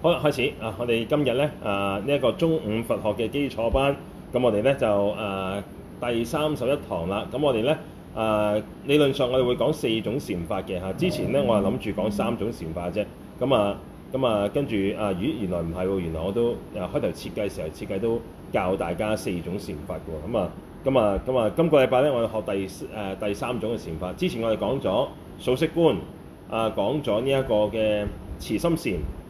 好啦，開始啊！我哋今日咧啊呢一個中午佛學嘅基礎班，咁我哋咧就啊第三十一堂啦。咁我哋咧啊理論上我哋會講四種禪法嘅嚇。之前咧我係諗住講三種禪法啫。咁啊咁啊跟住啊，咦、啊、原來唔係喎！原來我都啊開頭設計時候設計都教大家四種禪法嘅喎。咁啊咁啊咁啊，今個禮拜咧我哋學第誒、啊、第三種嘅禪法。之前我哋講咗數息觀啊，講咗呢一個嘅。慈心善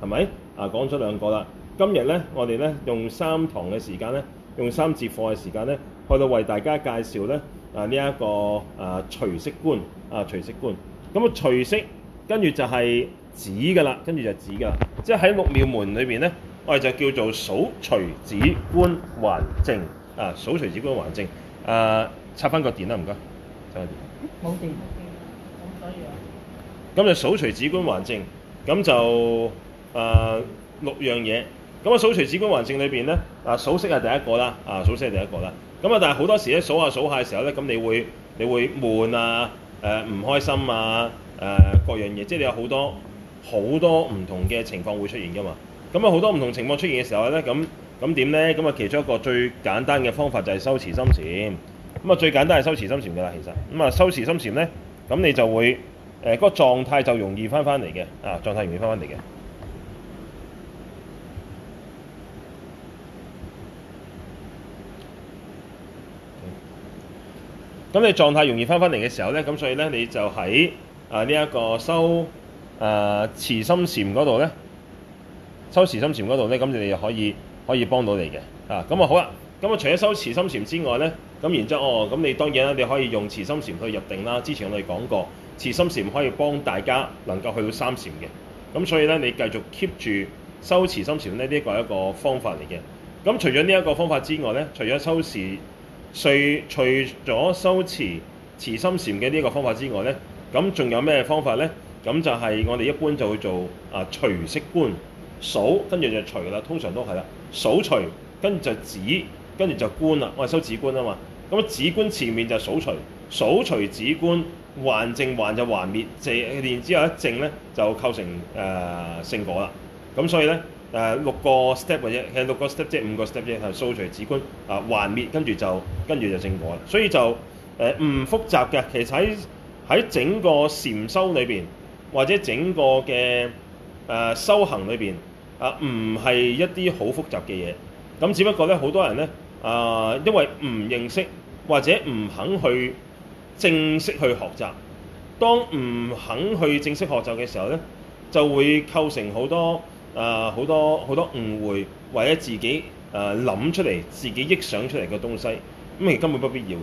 係咪啊？講咗兩個啦。今日咧，我哋咧用三堂嘅時間咧，用三節課嘅時間咧，去到為大家介紹咧啊呢一個啊隨息觀啊隨息觀。咁啊隨息跟住就係止嘅啦，跟住就止嘅。即係喺六妙門裏面咧，我哋就叫做數隨止觀還淨啊，數隨止觀還淨。啊，插翻個電啦唔該。插下電。冇電冇電啊！咁所以啊，咁就數隨止觀還淨。咁就誒、呃、六樣嘢，咁啊數隨止觀還淨裏面咧，啊數息係第一個啦，啊數息係第一個啦。咁啊，但係好多時咧數下數下嘅時候咧，咁你會你會悶啊，唔、呃、開心啊，呃、各樣嘢，即係你有好多好多唔同嘅情況會出現㗎嘛。咁啊，好多唔同情況出現嘅時候咧，咁咁點咧？咁啊，其中一個最簡單嘅方法就係收持心弦。咁啊，最簡單係收持心弦㗎啦，其實。咁啊，收持心弦咧，咁你就會。誒、呃那個狀態就容易翻返嚟嘅，啊狀態容易翻返嚟嘅。咁你狀態容易翻返嚟嘅時候咧，咁所以咧你就喺啊呢一、這個收啊慈心禪嗰度咧，收慈心禪嗰度咧，咁你就可以可以幫到你嘅，啊咁啊好啦，咁啊除咗收慈心禪之外咧，咁然之後哦，咁你當然咧你可以用慈心禪去入定啦，之前我哋講過。慈心禪可以幫大家能夠去到三禪嘅，咁所以咧你繼續 keep 住修慈心禪咧呢一個係一個方法嚟嘅。咁除咗呢一個方法之外咧，除咗修慈，除除咗修慈慈心禪嘅呢個方法之外咧，咁仲有咩方法咧？咁就係我哋一般就會做啊隨息觀數，跟住就隨啦，通常都係啦，數隨跟住就止，跟住就觀啦。我係修止觀啊嘛，咁啊止觀前面就數隨，數隨止觀。還正還就還滅，然之後一淨咧就構成誒聖、呃、果啦。咁所以咧誒、呃、六個 step 或者係六個 step 即係五個 step 即係數隨止觀啊、呃、還滅，跟住就跟住就聖果啦。所以就誒唔、呃、複雜嘅，其實喺喺整個禪修裏邊或者整個嘅誒、呃、修行裏邊啊，唔、呃、係一啲好複雜嘅嘢。咁只不過咧，好多人咧啊、呃，因為唔認識或者唔肯去。正式去學習，當唔肯去正式學習嘅時候咧，就會構成好多啊，好、呃、多好多誤會，或者自己啊諗、呃、出嚟、自己臆想出嚟嘅東西咁，其實根本不必要嘅。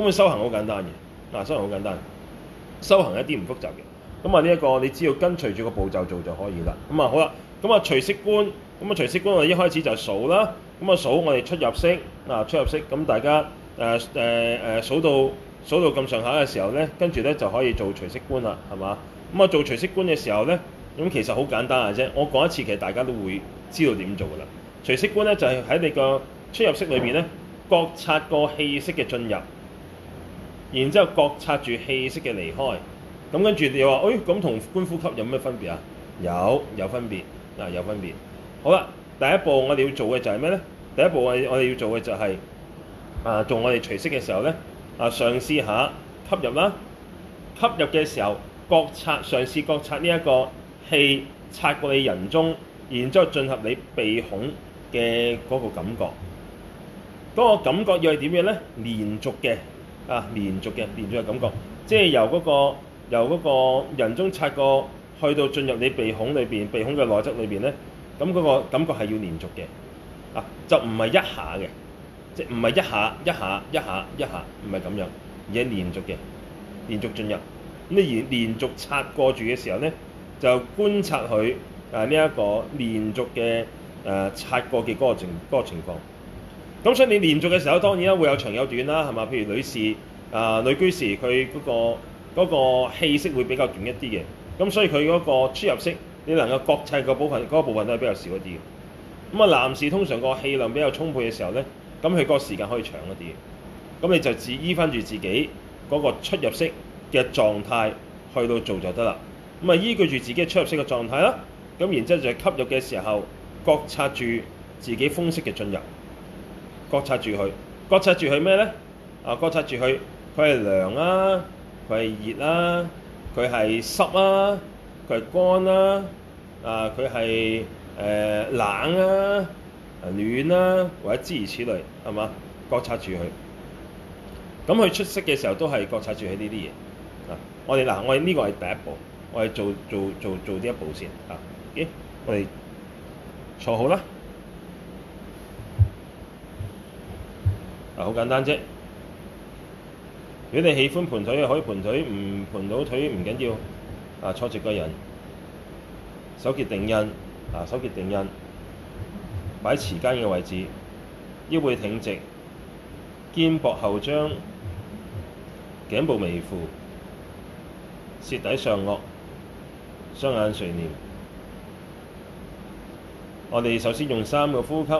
咁佢修行好簡單嘅，啊，修行好簡單，修行一啲唔複雜嘅。咁啊、這個，呢一個你只要跟隨住個步驟做就可以啦。咁啊，好啦，咁啊，隨息觀，咁啊，隨息觀我哋一開始就係數啦。咁啊，數我哋出入息，啊，出入息，咁大家誒誒誒數到。數到咁上下嘅時候咧，跟住咧就可以做隨息觀啦，係嘛？咁啊，做隨息觀嘅時候咧，咁其實好簡單嘅啫。我講一次，其實大家都會知道點做噶啦。隨息觀咧就係、是、喺你個出入息裏邊咧，覺察個氣息嘅進入，然之後覺察住氣息嘅離開。咁跟住你話，誒咁同觀呼吸有咩分別啊？有，有分別，嗱，有分別。好啦，第一步我哋要做嘅就係咩咧？第一步我我哋要做嘅就係、是、啊，做我哋隨息嘅時候咧。啊！嘗試下吸入啦，吸入嘅時候，覺察嘗試覺察呢一個氣，擦過你人中，然之後進入你鼻孔嘅嗰個感覺，嗰、那個感覺要係點樣咧？連續嘅啊，連續嘅，連續嘅感覺，即係由嗰、那個由嗰個人中擦過，去到進入你鼻孔裏邊，鼻孔嘅內側裏邊咧，咁、那、嗰個感覺係要連續嘅，啊，就唔係一下嘅。即唔係一下、一下、一下、一下，唔係咁樣，而係連續嘅，連續進入。咁你連連續擦過住嘅時候咧，就觀察佢誒呢一個連續嘅誒、呃、擦過嘅嗰個情嗰情況。咁所以你連續嘅時候，當然啦會有長有短啦，係嘛？譬如女士啊、呃、女居士，佢嗰、嗰個嗰、嗰個、氣息會比較短一啲嘅。咁所以佢嗰個出入息，你能夠覺察個部分嗰、嗰個部分都係比較少一啲嘅。咁啊，男士通常個氣量比較充沛嘅時候咧。咁佢個時間可以長一啲，咁你就只依翻住自己嗰個出入息嘅狀態去到做就得啦。咁啊，依據住自己出入息嘅狀態啦，咁然之後就吸入嘅時候，覺察住自己風息嘅進入，覺察住佢，覺察住佢咩咧？啊，覺察住佢，佢係涼啊，佢係熱啊，佢係濕啊，佢係乾啊，啊，佢係誒冷啊。暖啊，亂啦，或者諸如此類，係嘛？覺察住佢，咁佢出息嘅時候都係覺察住佢呢啲嘢。啊，我哋嗱、啊，我哋呢個係第一步，我哋做做做做呢一步先。啊，咦？我哋坐好啦。啊，好簡單啫。如果你喜歡盤腿，可以盤腿，唔盤到腿唔緊要。啊，坐直個人，手結定印。啊，手結定印。擺持間嘅位置，腰背挺直，肩膊後張，頸部微俯，舌抵上顎，雙眼垂簾。我哋首先用三個呼吸，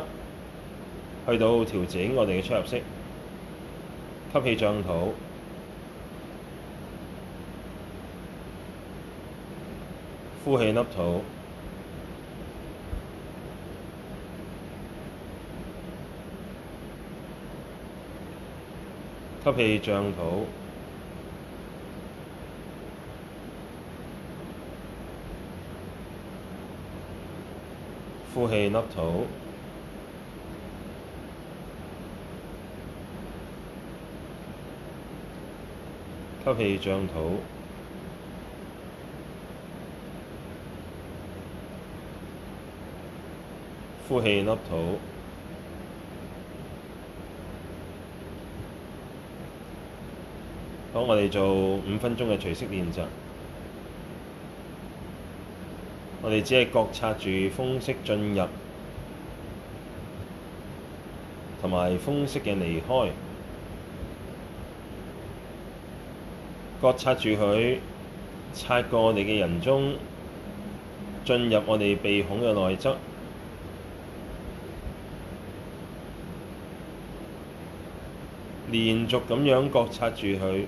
去到調整我哋嘅出入息：吸氣漲肚，呼氣凹肚。吸氣漲肚，呼氣凹肚，吸氣漲肚，呼氣凹肚。好，我哋做五分鐘嘅隨息練習。我哋只係覺察住風息進入，同埋風息嘅離開。覺察住佢擦過我哋嘅人中，進入我哋鼻孔嘅內側，連續咁樣覺察住佢。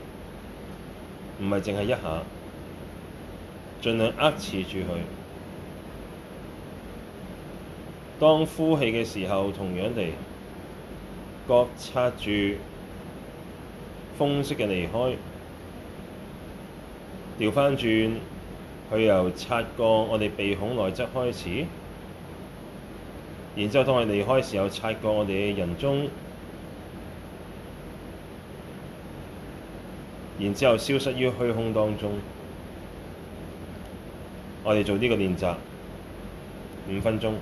唔係淨係一下，儘量扼持住佢。當呼氣嘅時候，同樣地各擦住風息嘅離開，調返轉佢由擦過我哋鼻孔內側開始，然之後當佢離開嘅時候，擦過我哋人中。然之後消失於虛空當中，我哋做呢個練習，五分鐘。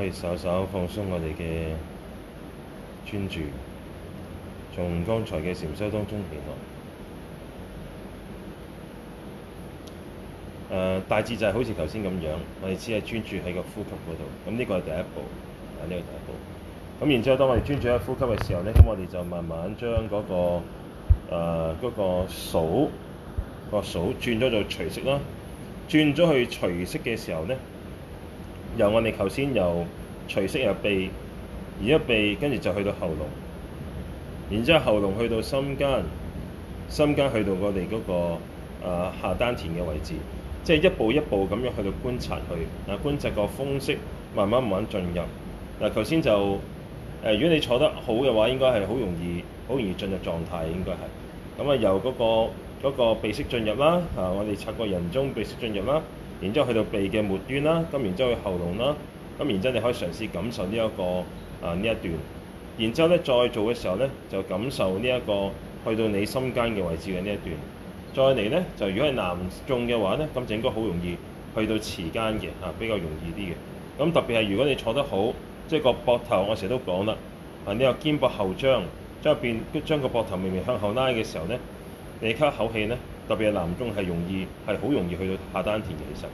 可以稍稍放鬆我哋嘅專注，從剛才嘅禪修當中嚟落、呃。大致就係好似頭先咁樣，我哋只係專注喺個呼吸嗰度。咁呢個係第一步，啊，呢、呢個第一步。咁然之後，當我哋專注喺呼吸嘅時候咧，咁我哋就慢慢將嗰、嗰個誒嗰、呃嗰個數，嗰個數轉咗做隨息啦，轉咗去隨息嘅時候咧。由我哋頭先由隨息入鼻，而家鼻跟住就去到喉嚨，然之後喉嚨去到心間，心間去到我哋嗰個下丹田嘅位置，即係一步一步咁樣去到觀察，去啊觀察個風息慢慢慢慢進入。嗱，頭先就如果你坐得好嘅話，應該係好容易，好容易進入狀態，應該係。咁啊，由嗰個嗰個鼻息進入啦，我哋察個人中鼻息進入啦。然之後去到鼻嘅末端啦，咁然之後去喉嚨啦，咁然之後你可以嘗試感受呢、這、一個啊呢一段，然之後咧再做嘅時候咧就感受呢、這、一個去到你心間嘅位置嘅呢一段，再嚟咧就如果係男眾嘅話咧，咁應該好容易去到臍間嘅嚇比較容易啲嘅，咁、啊、特別係如果你坐得好，即係個膊頭我成日都講啦，啊你又肩膊後張，將入邊將個膊頭微微向後拉嘅時候咧，你吸一口氣咧。特別係男眾係容易係好容易去到下丹田嘅，其實，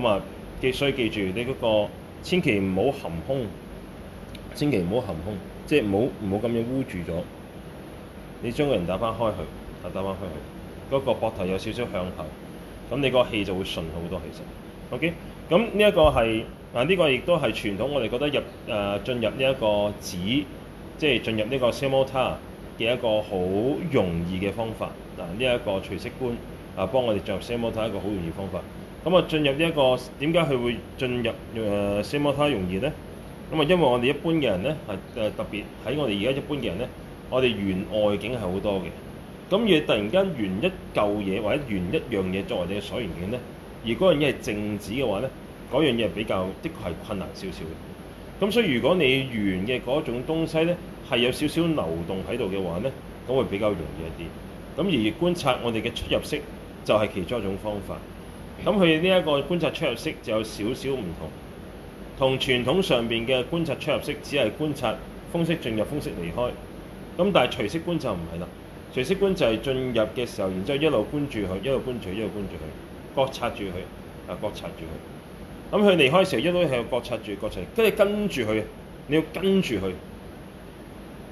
咁啊記，所以記住你嗰、那個千祈唔好含胸，千祈唔好含胸，即係唔好唔好咁樣污住咗，你將個人打翻開去，打打翻開去，嗰、那個膊頭有少少向後，咁你個氣就會順好多氣息，其實，OK，咁呢一個係嗱，呢、啊這個亦都係傳統，我哋覺得入誒進入呢一個止，即、就、係、是、進入呢個 s a m a 嘅一個好容易嘅方法，嗱呢一個隨息觀啊，幫我哋進入三摩提一個好容易的方法。咁啊，進入呢、這、一個點解佢會進入誒三摩提容易咧？咁啊，因為我哋一般嘅人咧，係誒特別喺我哋而家一般嘅人咧，我哋緣外境係好多嘅。咁、啊、你突然間緣一嚿嘢或者緣一樣嘢作為你嘅所緣境咧，而嗰樣嘢係靜止嘅話咧，嗰樣嘢比較的確係困難少少嘅。咁、啊、所以如果你緣嘅嗰種東西咧，係有少少流動喺度嘅話咧，咁會比較容易一啲。咁而觀察我哋嘅出入息就係其中一種方法。咁佢呢一個觀察出入息就有少少唔同，同傳統上面嘅觀察出入息只係觀察風息進入，風息離開。咁但係隨息觀就唔係啦，隨息觀就係進入嘅時候，然之後一路觀住佢，一路觀住佢，一路觀住佢，覺察住佢，啊，覺察住佢。咁佢離開嘅時候，一路係覺察住，覺察跟住跟住佢，你要跟住佢。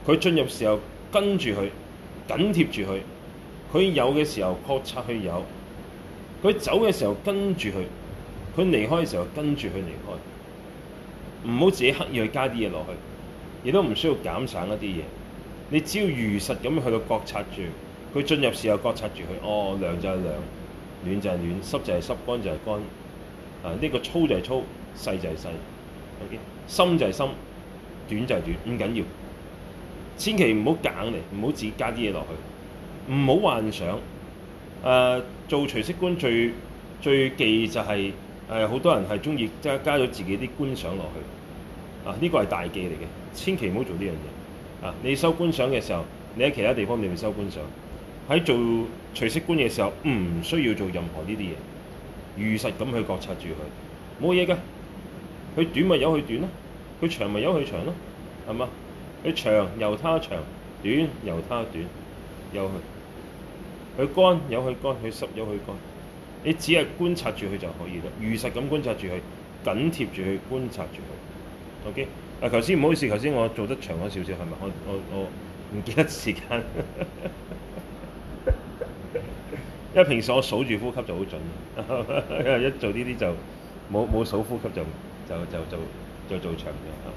佢進入時候，跟住佢，緊貼住佢，佢有嘅時候覺察佢有，佢走嘅時候跟住佢，佢離開嘅時候跟住佢離開。唔好自己刻意去加啲嘢落去，亦都唔需要減省一啲嘢。你只要如實咁去到覺察住佢，進入時候覺察住佢，哦，涼就係涼，暖就係暖，濕就係濕，乾就係乾。啊，呢個粗就係粗，細就係細。O.K. 深就係深，短就係短，唔緊要。千祈唔好揀嚟，唔好自己加啲嘢落去，唔好幻想。呃、做隨息觀最最忌就係、是、好、呃、多人係中意加加咗自己啲觀想落去。啊，呢個係大忌嚟嘅，千祈唔好做呢樣嘢。啊，你修觀想嘅時候，你喺其他地方你咪修觀想。喺做隨息觀嘅時候，唔、嗯、需要做任何呢啲嘢，如實咁去覺察住佢，冇嘢㗎。佢短咪由佢短咯，啊，佢長咪由佢長咯，啊，係嘛？佢長由它長，短由它短，又去佢乾由佢乾，佢濕由佢乾。你只係觀察住佢就可以啦，如實咁觀察住佢，緊貼住佢，觀察住佢。OK，啊，頭先唔好意思，頭先我做得長咗少少，係咪？我我我唔記得時間，因為平時我數住呼吸就好準，一做呢啲就冇冇數呼吸就就就就就做長咗。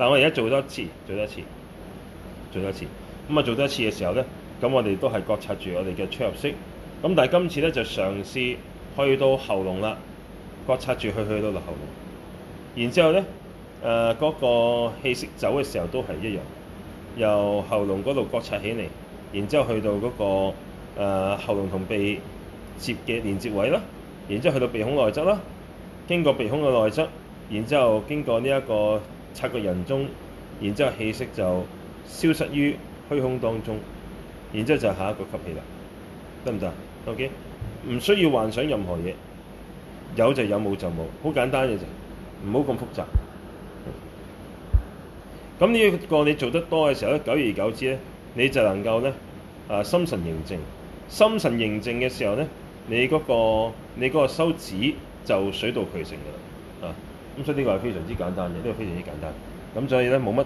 但我而家做多一次，做多一次，做多一次咁啊、嗯！做多一次嘅時候咧，咁我哋都係覺察住我哋嘅出入息。咁但係今次咧就嘗試去到喉嚨啦，覺察住去去到落喉嚨，然之後咧誒嗰個氣息走嘅時候都係一樣，由喉嚨嗰度覺察起嚟，然之後去到嗰、那個、呃、喉嚨同鼻接嘅連接位啦，然之後去到鼻孔內側啦，經過鼻孔嘅內側，然之後經過呢、這、一個。察個人中，然之後氣息就消失於虛空當中，然之後就下一個吸氣啦，得唔得？OK，唔需要幻想任何嘢，有就有，有，就有，冇就冇，好簡單嘅啫，唔好咁複雜。咁呢一個你做得多嘅時候咧，久而久之咧，你就能夠咧啊心神凝靜，心神凝靜嘅時候咧，你嗰、嗰個你嗰個修止就水到渠成噶啦。咁所以呢個係非常之簡單嘅，呢個非常之簡單。咁所以咧，冇乜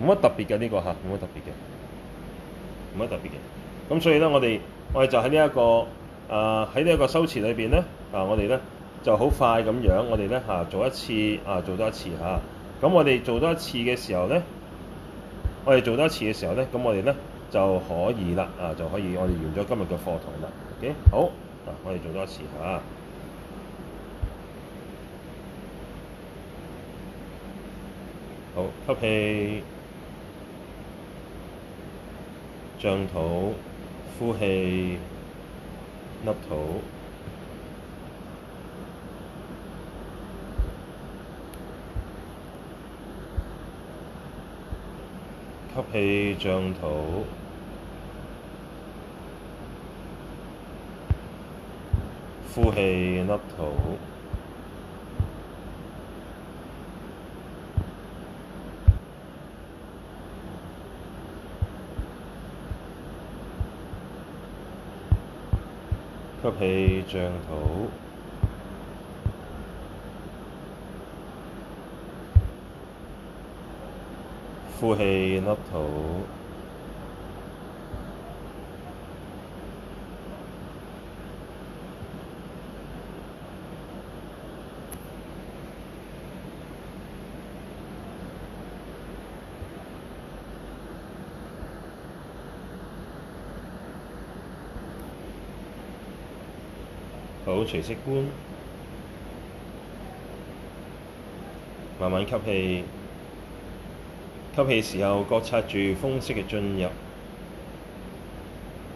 冇乜特別嘅呢個吓，冇乜特別嘅，冇乜特別嘅。咁所以咧，我哋我哋就喺呢一個啊喺呢一個修詞裏邊咧啊，我哋咧就好快咁樣，我哋咧嚇做一次啊，做多一次嚇。咁我哋做多一次嘅時候咧，我哋做多一次嘅時候咧，咁我哋咧就可以啦啊，就可以我哋完咗今日嘅課堂啦。OK，好，嗱，啊，我哋做多一次嚇。吸氣，漲肚，呼氣，甩肚。吸氣，漲肚，呼氣，甩肚。吸氣，漲肚，呼氣，凹肚。保持隨息觀，慢慢吸氣。吸氣時候，覺察住風息嘅進入，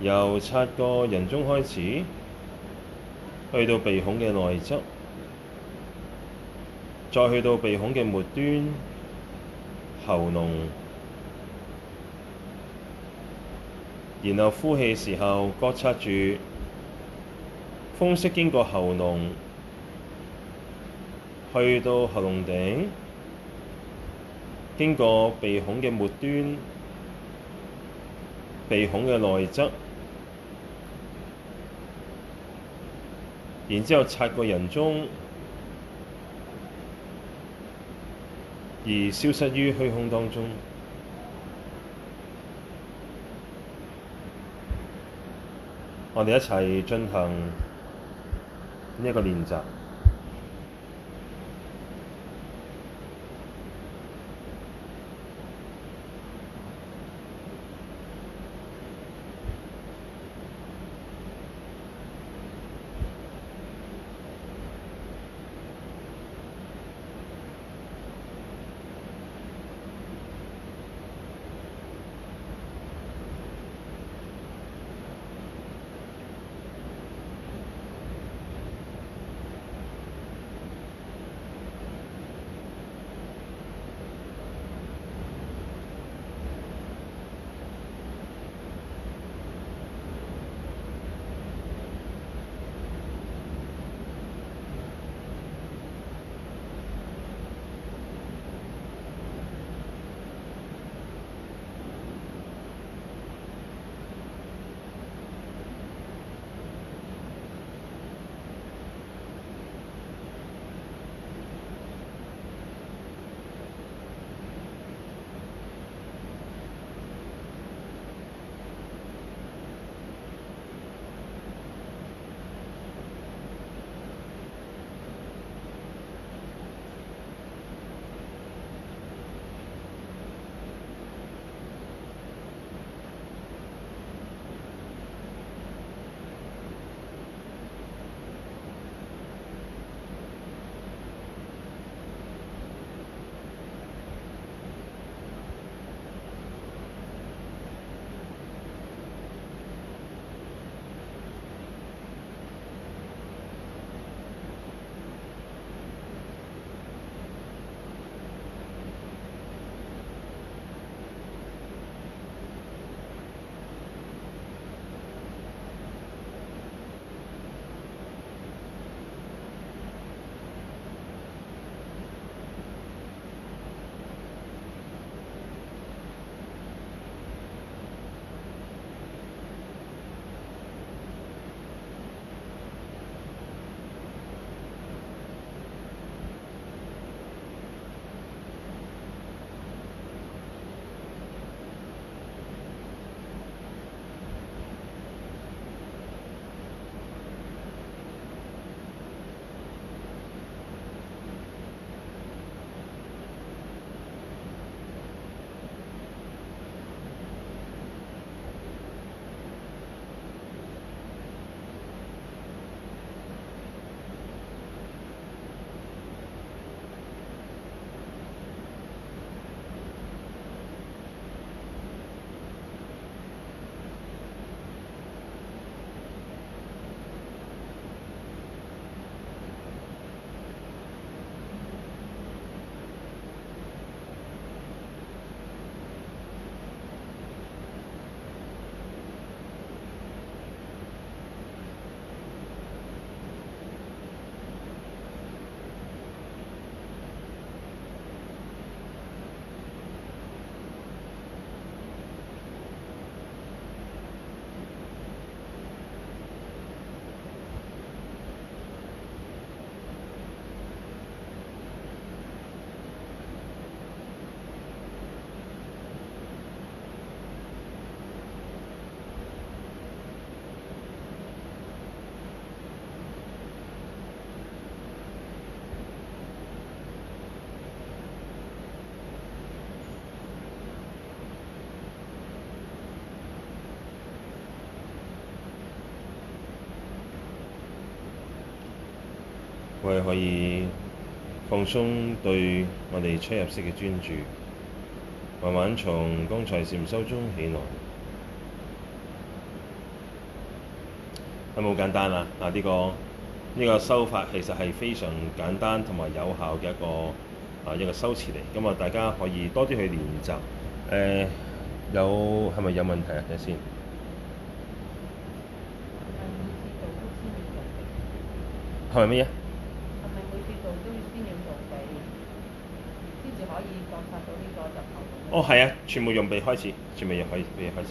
由覺察人中開始，去到鼻孔嘅內側，再去到鼻孔嘅末端，喉嚨。然後呼氣時候，覺察住。風息經過喉嚨，去到喉嚨頂，經過鼻孔嘅末端，鼻孔嘅內側，然之後擦過人中，而消失於虛空當中。我哋一齊進行。呢一個練習。我哋可以放鬆對我哋出入式嘅專注，慢慢從剛才嘅禪修中起來，係咪好簡單啦、啊！啊，呢、這個呢、這個修法其實係非常簡單同埋有效嘅一個啊一個修辭嚟，咁、嗯、啊大家可以多啲去練習。誒、呃，有係咪有問題啊？睇下先，係咪啊？哦，係啊，全部用鼻開始，全部用鼻開鼻嚟開始，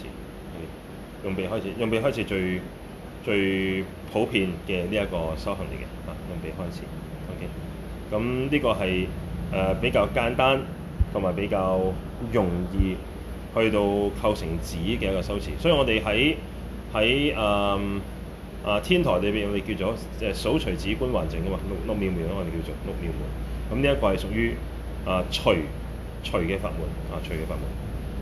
用鼻開始，用鼻開始最最普遍嘅呢一個修行嚟嘅，啊，用鼻開始，OK，咁呢、嗯這個係誒、呃、比較簡單同埋比較容易去到構成止嘅一個修持，所以我哋喺喺誒誒天台裏邊，我哋叫做誒數隨止觀還淨啊嘛，六六妙門、門，我哋叫做六妙門，咁呢一個係屬於誒隨。呃除嘅法門啊，除嘅法門，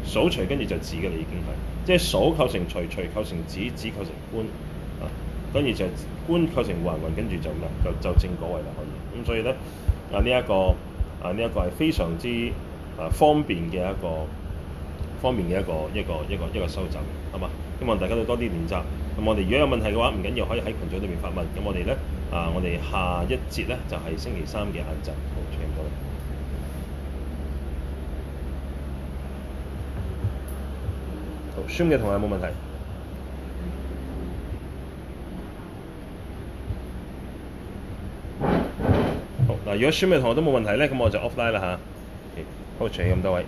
數除跟住就子嘅嚟，已經係即係數構成除，除構成子，子構成官啊，跟住就官構成環環，跟住就咩就就正果位啦，可以咁，所以咧啊呢一、這個啊呢一、這個係非常之啊方便嘅一個方便嘅一個一個一個一個收習，好嘛？希望大家都多啲練習。咁我哋如果有問題嘅話，唔緊要，可以喺群組裏面發問。咁我哋咧啊，我哋下一節咧就係、是、星期三嘅晏晝。Zoom 嘅同學有冇問題？好，如果 Zoom 嘅同學都冇問題呢，咁我就 offline 了嚇。Okay，好，謝咁多位。